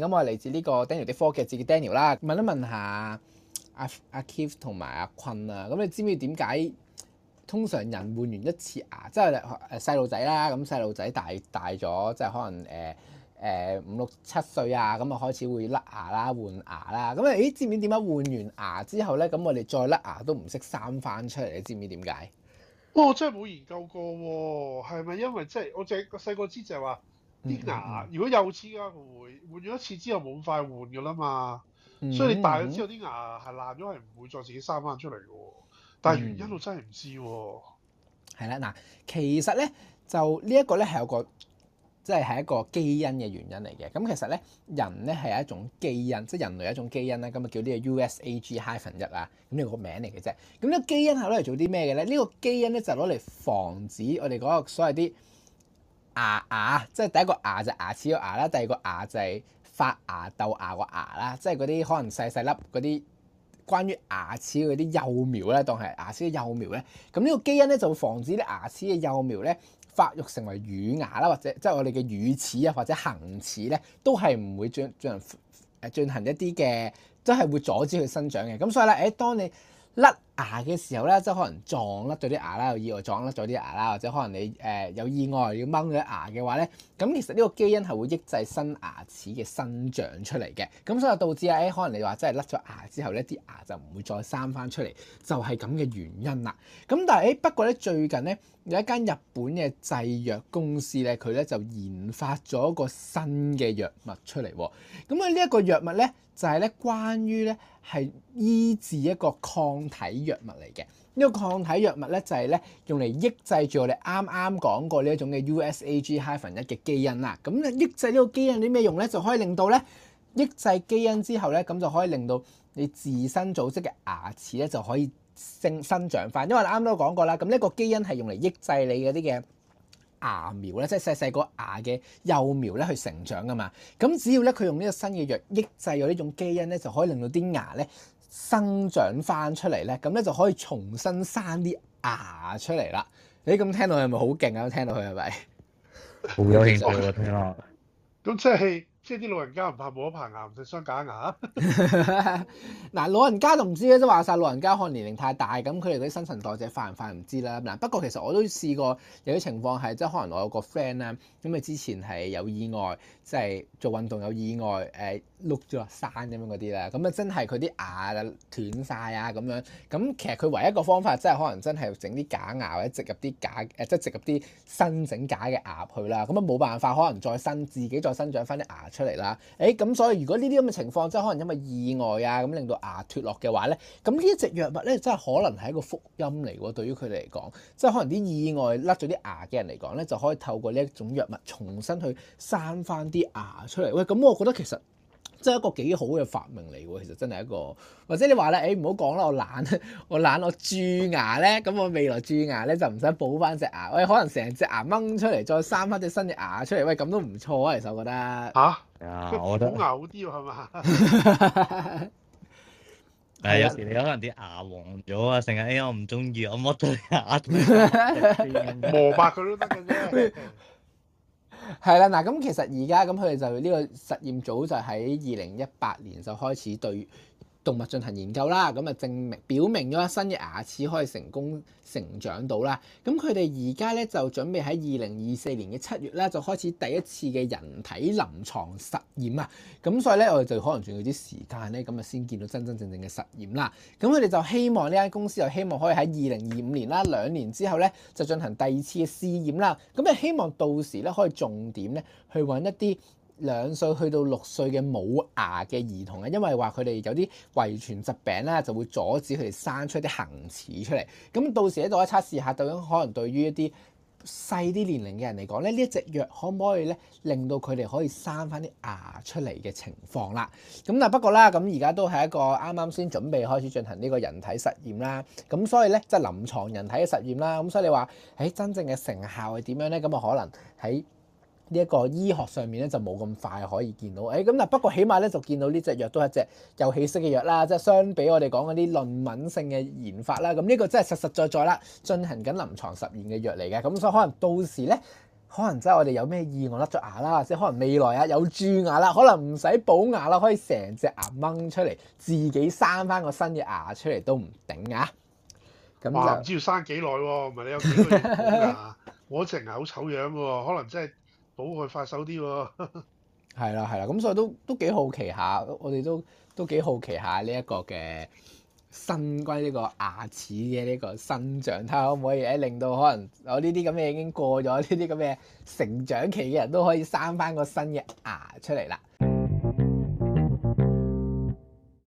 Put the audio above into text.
咁我係嚟自呢個 Daniel 啲科技自己 Daniel 啦，問一問一下阿阿 Keith 同埋阿坤啊。咁、啊啊啊、你知唔知點解通常人換完一次牙，即係誒細路仔啦，咁、嗯、細路仔大大咗，即、就、係、是、可能誒誒、呃呃、五六七歲啊，咁、嗯、啊開始會甩牙啦、換牙啦。咁、嗯、誒，你知唔知點解換完牙之後咧，咁、嗯、我哋再甩牙都唔識生返出嚟？你知唔知點解？哇、哦！真係冇研究過喎、哦，係咪因為即係我淨個細個知就係話。啲牙、嗯嗯、如果有乳齒嘅，佢會換咗一次之後冇咁快換嘅啦嘛。嗯、所以你大咗之後牙，啲牙係爛咗係唔會再自己生翻出嚟嘅喎。但係原因我真係唔知喎。係啦、嗯，嗱、嗯，其實咧就呢一個咧係有個即係係一個基因嘅原因嚟嘅。咁其實咧人咧係一種基因，即係人類有一種基因咧，咁啊叫呢個 USAG-hyphen 一啊，咁呢個名嚟嘅啫。咁呢個基因係攞嚟做啲咩嘅咧？呢、呢個基因咧就攞、係、嚟防止我哋嗰個所謂啲。牙牙，即係第一個牙就牙齒個牙啦，第二個牙就係發牙、豆牙個牙啦，即係嗰啲可能細細粒嗰啲關於牙齒嗰啲幼苗咧，當係牙齒嘅幼苗咧，咁呢個基因咧就會防止啲牙齒嘅幼苗咧發育成為乳牙啦，或者即係我哋嘅乳齒啊，或者恆齒咧都係唔會將進行誒，進行一啲嘅，都係會阻止佢生長嘅。咁所以咧，誒，當你甩牙嘅時候咧，即係可能撞甩咗啲牙啦，又意外撞甩咗啲牙啦，或者可能你誒有意外要掹咗牙嘅話咧，咁其實呢個基因係會抑制新牙齒嘅生長出嚟嘅，咁所以導致啊誒、欸，可能你話真係甩咗牙之後咧，啲牙就唔會再生翻出嚟，就係咁嘅原因啦。咁但係、欸、不過咧，最近咧有一間日本嘅製藥公司咧，佢咧就研發咗一個新嘅藥物出嚟。咁啊，呢一個藥物咧就係、是、咧關於咧係醫治一個抗體。藥物嚟嘅呢個抗體藥物咧，就係、是、咧用嚟抑制住我哋啱啱講過呢一種嘅 USAG 一嘅基因啦。咁、嗯、咧抑制呢個基因有啲咩用咧？就可以令到咧抑制基因之後咧，咁就可以令到你自身組織嘅牙齒咧就可以生生長翻。因為你啱都講過啦，咁、嗯、呢、這個基因係用嚟抑制你嗰啲嘅牙苗咧，即係細細個牙嘅幼苗咧去成長噶嘛。咁、嗯、只要咧佢用呢個新嘅藥抑制咗呢種基因咧，就可以令到啲牙咧。生長翻出嚟咧，咁咧就可以重新生啲牙出嚟啦。你咁聽到佢係咪好勁啊？聽到佢係咪好有興趣啊？聽落，咁即係。即係啲老人家唔怕冇咗棚牙，唔使鑲假牙嗱， 老人家都唔知啦，即係話晒老人家可能年齡太大，咁佢哋啲新陳代謝快唔快唔知啦。嗱，不過其實我都試過有啲情況係，即係可能我有個 friend 啦，咁啊之前係有意外，即、就、係、是、做運動有意外，誒碌咗山咁樣嗰啲啦，咁啊真係佢啲牙斷晒啊咁樣，咁其實佢唯一一個方法即係可能真係整啲假牙或者植入啲假、呃、即係植入啲新整假嘅牙去啦，咁啊冇辦法可能再生自己再生長翻啲牙。出嚟啦，誒、哎、咁所以如果呢啲咁嘅情況，即係可能因為意外啊咁令到牙脫落嘅話咧，咁呢一隻藥物咧，真係可能係一個福音嚟喎，對於佢哋嚟講，即係可能啲意外甩咗啲牙嘅人嚟講咧，就可以透過呢一種藥物重新去生返啲牙出嚟。喂，咁我覺得其實。即係一個幾好嘅發明嚟喎，其實真係一個，或者你話咧，誒唔好講啦，我懶我懶我蛀牙咧，咁我未來蛀牙咧就唔使補翻隻牙，喂，可能成隻牙掹出嚟，再生翻隻新隻牙出嚟，喂，咁都唔錯啊，其實我覺得嚇，啊，啊，我覺得補牙好啲喎，係嘛？係，有時你可能啲牙黃咗啊，成日誒我唔中意，我抹對牙磨白佢都得，咁樣咧。係啦，嗱，咁其實而家咁佢哋就呢個實驗組就喺二零一八年就開始對動物進行研究啦，咁啊證明表明咗新嘅牙齒可以成功成長到啦。咁佢哋而家咧就準備喺二零二四年嘅七月咧就開始第一次嘅人體臨床實驗啊。咁所以咧我哋就可能仲要啲時間咧，咁啊先見到真真正正嘅實驗啦。咁佢哋就希望呢間公司就希望可以喺二零二五年啦，兩年之後咧就進行第二次嘅試驗啦。咁就希望到時咧可以重點咧去揾一啲，兩歲去到六歲嘅冇牙嘅兒童咧，因為話佢哋有啲遺傳疾病咧，就會阻止佢哋生出啲恆齒出嚟。咁到時咧，喺度測試下究竟可能對於一啲細啲年齡嘅人嚟講咧，呢一隻藥可唔可以咧，令到佢哋可以生翻啲牙出嚟嘅情況啦？咁嗱不過啦，咁而家都係一個啱啱先準備開始進行呢個人體實驗啦。咁所以咧，即係臨床人體嘅實驗啦。咁所以你話，喺真正嘅成效係點樣咧？咁啊可能喺呢一個醫學上面咧就冇咁快可以見到。誒咁嗱不過起碼咧就見到呢隻藥都係只有氣息嘅藥啦，即係相比我哋講嗰啲論文性嘅研發啦，咁呢個真係實實在在啦進行緊臨床實驗嘅藥嚟嘅，咁所以可能到時咧，可能真係我哋有咩意外甩咗牙啦，即係可能未來啊有蛀牙啦，可能唔使補牙啦，可以成隻牙掹出嚟，自己生翻個新嘅牙出嚟都唔定啊！咁就唔知要生幾耐喎？唔係你有幾多、多年補牙 我隻牙好醜樣喎，哦，可能真係～好佢快手啲喎，係啦係啦，咁所以都都幾好奇下，我哋都都幾好奇下呢一個嘅新關呢個牙齒嘅呢個生長，睇下可唔可以喺令到可能我呢啲咁嘅已經過咗呢啲咁嘅成長期嘅人都可以生翻個新嘅牙出嚟啦。